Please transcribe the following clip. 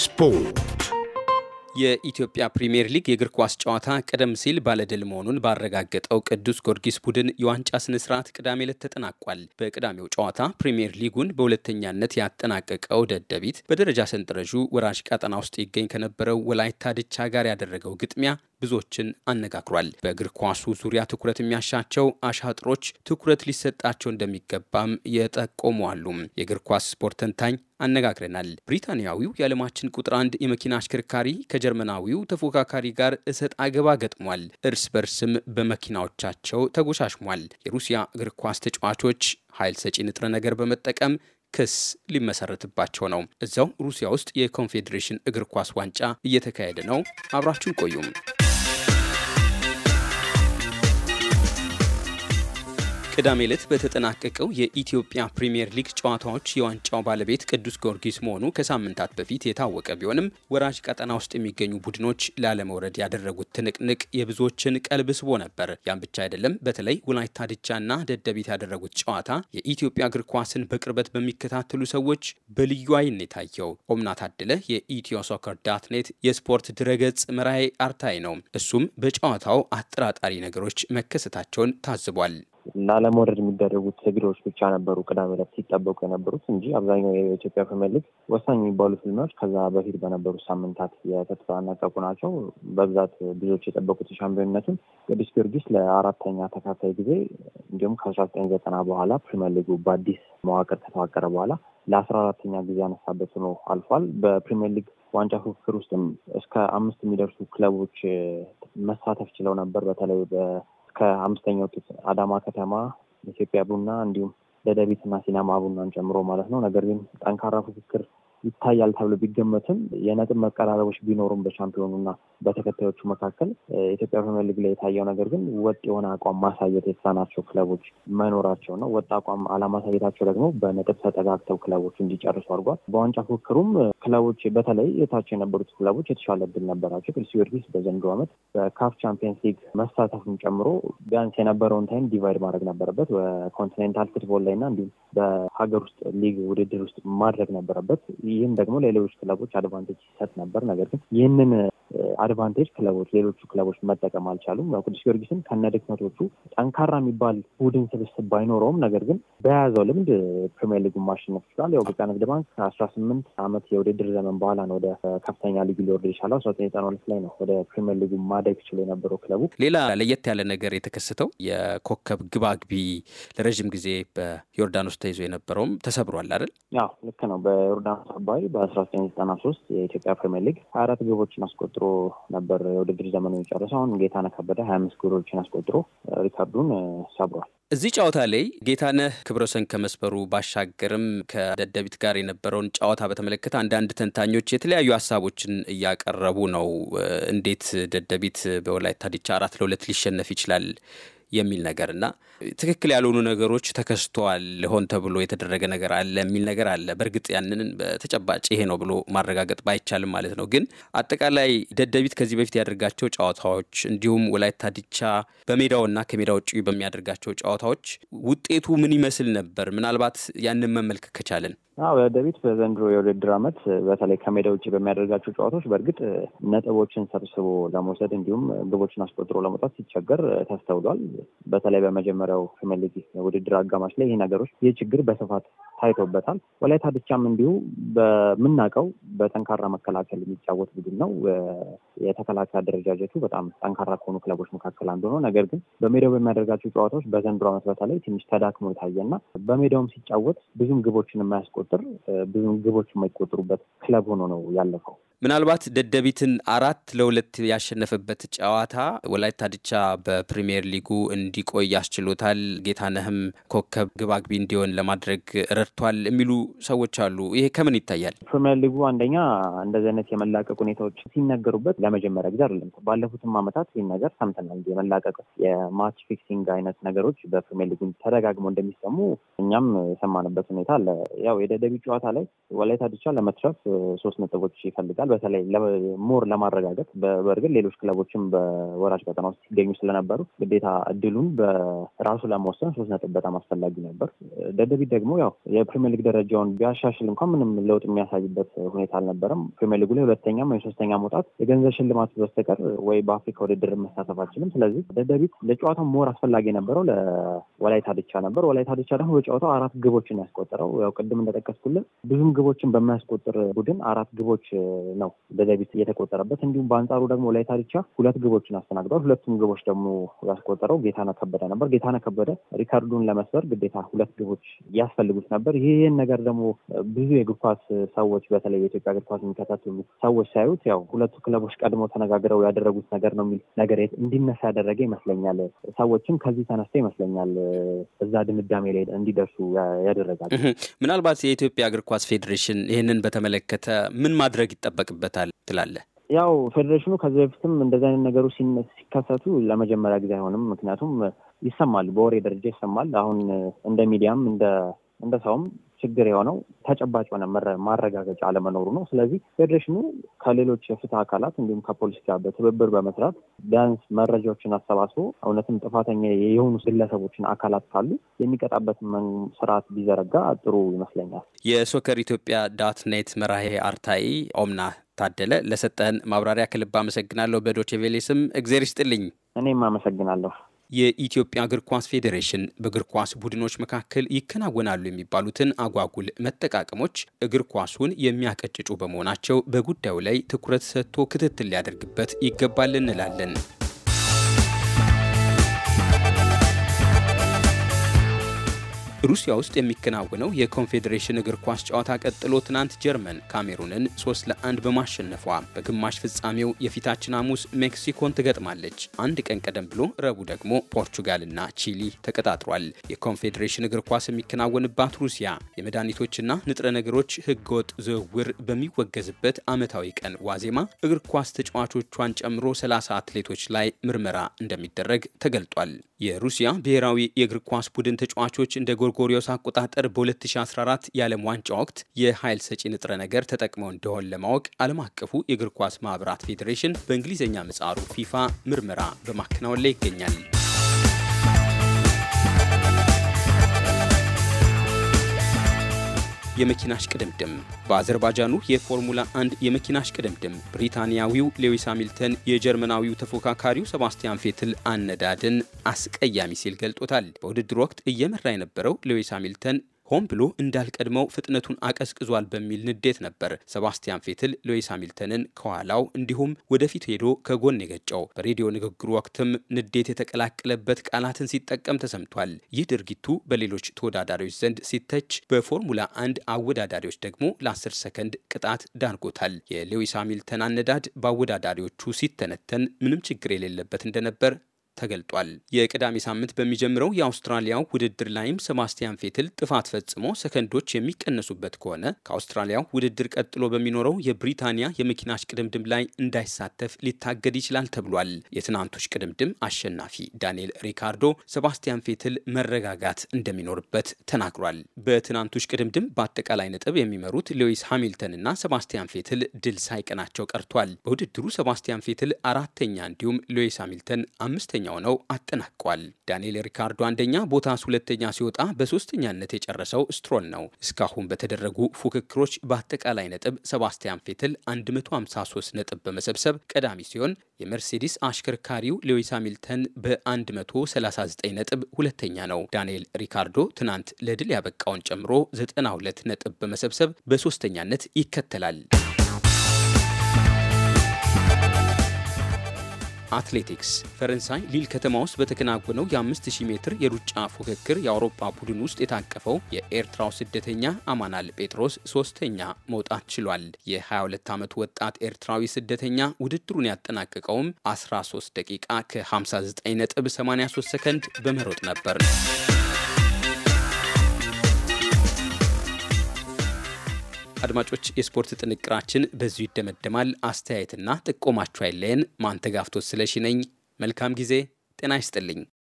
ስፖርት የኢትዮጵያ ፕሪምየር ሊግ የእግር ኳስ ጨዋታ ቀደም ሲል ባለድል መሆኑን ባረጋገጠው ቅዱስ ጊዮርጊስ ቡድን የዋንጫ ስነ ስርዓት ቅዳሜ ዕለት ተጠናቋል። በቅዳሜው ጨዋታ ፕሪምየር ሊጉን በሁለተኛነት ያጠናቀቀው ደደቢት በደረጃ ሰንጠረዡ ወራጅ ቀጠና ውስጥ ይገኝ ከነበረው ወላይታ ድቻ ጋር ያደረገው ግጥሚያ ብዙዎችን አነጋግሯል። በእግር ኳሱ ዙሪያ ትኩረት የሚያሻቸው አሻጥሮች ትኩረት ሊሰጣቸው እንደሚገባም የጠቆሙ አሉ። የእግር ኳስ ስፖርት ተንታኝ አነጋግረናል። ብሪታንያዊው የዓለማችን ቁጥር አንድ የመኪና አሽከርካሪ ከጀርመናዊው ተፎካካሪ ጋር እሰጥ አገባ ገጥሟል። እርስ በርስም በመኪናዎቻቸው ተጎሻሽሟል። የሩሲያ እግር ኳስ ተጫዋቾች ኃይል ሰጪ ንጥረ ነገር በመጠቀም ክስ ሊመሰረትባቸው ነው። እዚያው ሩሲያ ውስጥ የኮንፌዴሬሽን እግር ኳስ ዋንጫ እየተካሄደ ነው። አብራችሁን ቆዩም። ቅዳሜ ዕለት በተጠናቀቀው የኢትዮጵያ ፕሪምየር ሊግ ጨዋታዎች የዋንጫው ባለቤት ቅዱስ ጊዮርጊስ መሆኑ ከሳምንታት በፊት የታወቀ ቢሆንም ወራጅ ቀጠና ውስጥ የሚገኙ ቡድኖች ላለመውረድ ያደረጉት ትንቅንቅ የብዙዎችን ቀልብ ስቦ ነበር። ያም ብቻ አይደለም። በተለይ ወላይታ ድቻና ደደቢት ያደረጉት ጨዋታ የኢትዮጵያ እግር ኳስን በቅርበት በሚከታተሉ ሰዎች በልዩ ዓይን የታየው። ኦምና ታደለ የኢትዮ ሶከር ዳትኔት የስፖርት ድረገጽ መራሄ አርታይ ነው። እሱም በጨዋታው አጠራጣሪ ነገሮች መከሰታቸውን ታዝቧል። እና ለመውረድ የሚደረጉት ትግሎች ብቻ ነበሩ ቅዳሜ ዕለት ሲጠበቁ የነበሩት እንጂ አብዛኛው የኢትዮጵያ ፕሪሚየር ሊግ ወሳኝ የሚባሉ ፊልሞች ከዛ በፊት በነበሩ ሳምንታት የተጠናቀቁ ናቸው። በብዛት ብዙዎች የጠበቁት ሻምፒዮንነቱን ቅዱስ ጊዮርጊስ ለአራተኛ ተካታይ ጊዜ እንዲሁም ከአስራ ዘጠኝ ዘጠና በኋላ ፕሪሚየር ሊጉ በአዲስ መዋቅር ከተዋቀረ በኋላ ለአስራ አራተኛ ጊዜ ያነሳበት ሆኖ አልፏል። በፕሪሚየር ሊግ ዋንጫ ፉክክር ውስጥም እስከ አምስት የሚደርሱ ክለቦች መሳተፍ ችለው ነበር። በተለይ ከአምስተኛው ቄስ አዳማ ከተማ ኢትዮጵያ ቡና እንዲሁም እና ሲናማ ቡናን ጨምሮ ማለት ነው። ነገር ግን ጠንካራ ፉክክር ይታያል ተብሎ ቢገመትም የነጥብ መቀራረቦች ቢኖሩም በሻምፒዮኑና በተከታዮቹ መካከል ኢትዮጵያ ፕሪሚየር ሊግ ላይ የታየው ነገር ግን ወጥ የሆነ አቋም ማሳየት የተሳናቸው ክለቦች መኖራቸው ነው። ወጥ አቋም አለማሳየታቸው ደግሞ በነጥብ ተጠጋግተው ክለቦች እንዲጨርሱ አድርጓል። በዋንጫ ፉክክሩም ክለቦች በተለይ የታች የነበሩት ክለቦች የተሻለ እድል ነበራቸው። ቅዱስ ጊዮርጊስ በዘንድሮ ዓመት በካፍ ቻምፒየንስ ሊግ መሳተፉን ጨምሮ ቢያንስ የነበረውን ታይም ዲቫይድ ማድረግ ነበረበት በኮንቲኔንታል ፉትቦል ላይ እንዲሁም በሀገር ውስጥ ሊግ ውድድር ውስጥ ማድረግ ነበረበት። ይህም ደግሞ ለሌሎች ክለቦች አድቫንቴጅ ይሰጥ ነበር። ነገር ግን ይህንን አድቫንቴጅ ክለቦች ሌሎቹ ክለቦች መጠቀም አልቻሉም። ቅዱስ ጊዮርጊስን ከነ ድክመቶቹ ጠንካራ የሚባል ቡድን ስብስብ ባይኖረውም ነገር ግን በያዘው ልምድ ፕሪሚየር ሊጉን ማሸነፍ ይችላል። ያው ኢትዮጵያ ንግድ ባንክ ከአስራ ስምንት ዓመት የውድድር ዘመን በኋላ ነው ወደ ከፍተኛ ልዩ ሊወርድ የቻለው። አስራ ዘጠኝ ዘጠና ሁለት ላይ ነው ወደ ፕሪሚየር ሊጉ ማደግ ችሎ የነበረው ክለቡ። ሌላ ለየት ያለ ነገር የተከሰተው የኮከብ ግባግቢ ለረዥም ጊዜ በዮርዳኖስ ተይዞ የነበረውም ተሰብሯል አይደል? ያው ልክ ነው። በዮርዳኖስ አባይ በ1993 የኢትዮጵያ ፕሪሚየር ሊግ ሀያ አራት ግቦችን አስቆጥሮ ነበር የውድድር ዘመኑ የጨረሰው። አሁን ጌታነህ ከበደ ሀያ አምስት ግቦችን አስቆጥሮ ሪካርዱን ሰብሯል። እዚህ ጨዋታ ላይ ጌታነህ ክብረሰን ከመስበሩ ባሻገርም ከደደቢት ጋር የነበረውን ጨዋታ በተመለከተ አንዳንድ ተንታኞች የተለያዩ ሀሳቦችን እያቀረቡ ነው። እንዴት ደደቢት በወላይታ ዲቻ አራት ለሁለት ሊሸነፍ ይችላል? የሚል ነገር እና ትክክል ያልሆኑ ነገሮች ተከስተዋል ሆን ተብሎ የተደረገ ነገር አለ የሚል ነገር አለ። በእርግጥ ያንን በተጨባጭ ይሄ ነው ብሎ ማረጋገጥ ባይቻልም ማለት ነው። ግን አጠቃላይ ደደቢት ከዚህ በፊት ያደርጋቸው ጨዋታዎች እንዲሁም ወላይታ ዲቻ በሜዳውና ከሜዳ ውጭ በሚያደርጋቸው ጨዋታዎች ውጤቱ ምን ይመስል ነበር? ምናልባት ያንን መመልከት ከቻለን አዎ ደደቢት በዘንድሮ የውድድር ዓመት በተለይ ከሜዳ ውጭ በሚያደርጋቸው ጨዋታዎች በእርግጥ ነጥቦችን ሰብስቦ ለመውሰድ እንዲሁም ግቦችን አስቆጥሮ ለመውጣት ሲቸገር ተስተውሏል። በተለይ በመጀመሪያው ፕሪሚየር ሊግ ውድድር አጋማሽ ላይ ይህ ነገሮች ይህ ችግር በስፋት ታይቶበታል። ወላይታ ድቻም እንዲሁ በምናውቀው በጠንካራ መከላከል የሚጫወት ቡድን ነው። የተከላካይ አደረጃጀቱ በጣም ጠንካራ ከሆኑ ክለቦች መካከል አንዱ ነው። ነገር ግን በሜዳው በሚያደርጋቸው ጨዋታዎች በዘንድሮ ዓመት በተለይ ትንሽ ተዳክሞ የታየና በሜዳውም ሲጫወት ብዙም ግቦችን የማያስቆጥር ብዙም ግቦች የማይቆጥሩበት ክለብ ሆኖ ነው ያለፈው። ምናልባት ደደቢትን አራት ለሁለት ያሸነፈበት ጨዋታ ወላይታ ድቻ በፕሪሚየር ሊጉ እንዲቆይ ያስችሎታል። ጌታነህም ኮከብ ግባግቢ እንዲሆን ለማድረግ ረድቷል የሚሉ ሰዎች አሉ። ይሄ ከምን ይታያል? ፕሪሚየር ሊጉ አንደኛ እንደዚህ አይነት የመላቀቅ ሁኔታዎች ሲነገሩበት ለመጀመሪያ ጊዜ አይደለም። ባለፉትም ዓመታት ይህን ነገር ሰምተናል። የመላቀቅ የማች ፊክሲንግ አይነት ነገሮች በፕሪሚየር ሊጉ ተደጋግሞ እንደሚሰሙ እኛም የሰማንበት ሁኔታ አለ። ያው የደደቢ ጨዋታ ላይ ወላይታ ድቻ ለመትረፍ ሶስት ነጥቦች ይፈልጋል። በተለይ ሞር ለማረጋገጥ በእርግጥ ሌሎች ክለቦችም በወራጅ ቀጠና ውስጥ ሲገኙ ስለነበሩ ግዴታ እድሉን በራሱ ለመወሰን ሶስት ነጥብ በጣም አስፈላጊ ነበር። ደደቢት ደግሞ ያው የፕሪሚየር ሊግ ደረጃውን ቢያሻሽል እንኳን ምንም ለውጥ የሚያሳይበት ሁኔታ አልነበረም። ፕሪሚየር ሊጉ ላይ ሁለተኛም ወይም ሶስተኛ መውጣት የገንዘብ ሽልማት በስተቀር ወይ በአፍሪካ ውድድር መሳተፍ አችልም። ስለዚህ ደደቢት ለጨዋታው ሞር አስፈላጊ የነበረው ለወላይታ ድቻ ነበር። ወላይታ ድቻ ደግሞ በጨዋታው አራት ግቦችን ያስቆጠረው ያው ቅድም እንደጠቀስኩልን ብዙም ግቦችን በማያስቆጥር ቡድን አራት ግቦች ነው ደደቢት እየተቆጠረበት። እንዲሁም በአንጻሩ ደግሞ ወላይታ ድቻ ሁለት ግቦችን አስተናግዷል። ሁለቱም ግቦች ደግሞ ያስቆጠረው ጌታነህ ከበደ ነበር። ጌታነህ ከበደ ሪካርዱን ለመስበር ግዴታ ሁለት ግቦች ያስፈልጉት ነበር። ይህን ነገር ደግሞ ብዙ የእግር ኳስ ሰዎች በተለይ በኢትዮጵያ እግር ኳስ የሚከታተሉ ሰዎች ሳዩት ያው ሁለቱ ክለቦች ቀድሞ ተነጋግረው ያደረጉት ነገር ነው የሚል ነገር እንዲነሳ ያደረገ ይመስለኛል። ሰዎችም ከዚህ ተነስተ ይመስለኛል እዛ ድምዳሜ ላይ እንዲደርሱ ያደረጋል። ምናልባት የኢትዮጵያ እግር ኳስ ፌዴሬሽን ይህንን በተመለከተ ምን ማድረግ ይጠበቅበታል ትላለህ? ያው ፌዴሬሽኑ ከዚህ በፊትም እንደዚህ አይነት ነገሩ ሲከሰቱ ለመጀመሪያ ጊዜ አይሆንም። ምክንያቱም ይሰማል፣ በወሬ ደረጃ ይሰማል። አሁን እንደ ሚዲያም እንደ እንደ ሰውም ችግር የሆነው ተጨባጭ የሆነ ማረጋገጫ አለመኖሩ ነው። ስለዚህ ፌዴሬሽኑ ከሌሎች የፍትህ አካላት እንዲሁም ከፖሊስ ጋር በትብብር በመስራት ቢያንስ መረጃዎችን አሰባስቦ እውነትም ጥፋተኛ የሆኑ ግለሰቦችን አካላት ካሉ የሚቀጣበት ስርዓት ቢዘረጋ ጥሩ ይመስለኛል። የሶከር ኢትዮጵያ ዳት ኔት መራሄ አርታኢ ኦምና ታደለ ለሰጠህን ማብራሪያ ከልብ አመሰግናለሁ። በዶቼ ቬሌ ስም እግዜር ይስጥልኝ። እኔም አመሰግናለሁ። የኢትዮጵያ እግር ኳስ ፌዴሬሽን በእግር ኳስ ቡድኖች መካከል ይከናወናሉ የሚባሉትን አጓጉል መጠቃቀሞች እግር ኳሱን የሚያቀጭጩ በመሆናቸው በጉዳዩ ላይ ትኩረት ሰጥቶ ክትትል ሊያደርግበት ይገባል እንላለን። ሩሲያ ውስጥ የሚከናወነው የኮንፌዴሬሽን እግር ኳስ ጨዋታ ቀጥሎ ትናንት ጀርመን ካሜሩንን 3 ለአንድ በማሸነፏ በግማሽ ፍጻሜው የፊታችን ሐሙስ ሜክሲኮን ትገጥማለች። አንድ ቀን ቀደም ብሎ ረቡዕ ደግሞ ፖርቹጋልና ቺሊ ተቀጣጥሯል። የኮንፌዴሬሽን እግር ኳስ የሚከናወንባት ሩሲያ የመድኃኒቶችና ንጥረ ነገሮች ሕገወጥ ዝውውር በሚወገዝበት ዓመታዊ ቀን ዋዜማ እግር ኳስ ተጫዋቾቿን ጨምሮ 30 አትሌቶች ላይ ምርመራ እንደሚደረግ ተገልጧል። የሩሲያ ብሔራዊ የእግር ኳስ ቡድን ተጫዋቾች እንደ ጎር ጎርጎሪዮስ አቆጣጠር በ2014 የዓለም ዋንጫ ወቅት የኃይል ሰጪ ንጥረ ነገር ተጠቅመው እንደሆን ለማወቅ ዓለም አቀፉ የእግር ኳስ ማኅበራት ፌዴሬሽን በእንግሊዝኛ ምጻሩ ፊፋ ምርመራ በማከናወን ላይ ይገኛል። የመኪና እሽቅድምድም። በአዘርባጃኑ የፎርሙላ 1 የመኪና እሽቅድምድም ብሪታንያዊው ሌዊስ ሃሚልተን የጀርመናዊው ተፎካካሪው ሰባስቲያን ፌትል አነዳድን አስቀያሚ ሲል ገልጦታል። በውድድር ወቅት እየመራ የነበረው ሌዊስ ሃሚልተን ሆን ብሎ እንዳልቀድመው ፍጥነቱን አቀዝቅዟል በሚል ንዴት ነበር ሰባስቲያን ፌትል ሎዊስ ሃሚልተንን ከኋላው እንዲሁም ወደፊት ሄዶ ከጎን የገጨው። በሬዲዮ ንግግሩ ወቅትም ንዴት የተቀላቀለበት ቃላትን ሲጠቀም ተሰምቷል። ይህ ድርጊቱ በሌሎች ተወዳዳሪዎች ዘንድ ሲተች፣ በፎርሙላ አንድ አወዳዳሪዎች ደግሞ ለ10 ሰከንድ ቅጣት ዳርጎታል። የሎዊስ ሃሚልተን አነዳድ በአወዳዳሪዎቹ ሲተነተን ምንም ችግር የሌለበት እንደነበር ተገልጧል። የቅዳሜ ሳምንት በሚጀምረው የአውስትራሊያው ውድድር ላይም ሰባስቲያን ፌትል ጥፋት ፈጽሞ ሰከንዶች የሚቀነሱበት ከሆነ ከአውስትራሊያው ውድድር ቀጥሎ በሚኖረው የብሪታንያ የመኪና እሽቅድምድም ላይ እንዳይሳተፍ ሊታገድ ይችላል ተብሏል። የትናንቱ እሽቅድምድም አሸናፊ ዳንኤል ሪካርዶ ሰባስቲያን ፌትል መረጋጋት እንደሚኖርበት ተናግሯል። በትናንቱ እሽቅድምድም በአጠቃላይ ነጥብ የሚመሩት ሌዊስ ሃሚልተን እና ሰባስቲያን ፌትል ድል ሳይቀናቸው ቀርቷል። በውድድሩ ሰባስቲያን ፌትል አራተኛ እንዲሁም ሌዊስ ሃሚልተን አምስተኛ ሁለተኛው ነው አጠናቋል። ዳንኤል ሪካርዶ አንደኛ፣ ቦታስ ሁለተኛ ሲወጣ በሶስተኛነት የጨረሰው ስትሮል ነው። እስካሁን በተደረጉ ፉክክሮች በአጠቃላይ ነጥብ ሰባስቲያን ፌትል 153 ነጥብ በመሰብሰብ ቀዳሚ ሲሆን የመርሴዲስ አሽከርካሪው ሌዊስ ሃሚልተን በ139 ነጥብ ሁለተኛ ነው። ዳንኤል ሪካርዶ ትናንት ለድል ያበቃውን ጨምሮ 92 ነጥብ በመሰብሰብ በሶስተኛነት ይከተላል። አትሌቲክስ ፈረንሳይ ሊል ከተማ ውስጥ በተከናወነው የ5000 ሜትር የሩጫ ፉክክር የአውሮፓ ቡድን ውስጥ የታቀፈው የኤርትራው ስደተኛ አማናል ጴጥሮስ ሶስተኛ መውጣት ችሏል። የ22 ዓመቱ ወጣት ኤርትራዊ ስደተኛ ውድድሩን ያጠናቀቀውም 13 ደቂቃ ከ 83 ሰከንድ በመሮጥ ነበር። አድማጮች፣ የስፖርት ጥንቅራችን በዚሁ ይደመደማል። አስተያየትና ጥቆማችሁ አይለየን። ማንተጋፍቶት ስለሺ ነኝ። መልካም ጊዜ። ጤና ይስጥልኝ።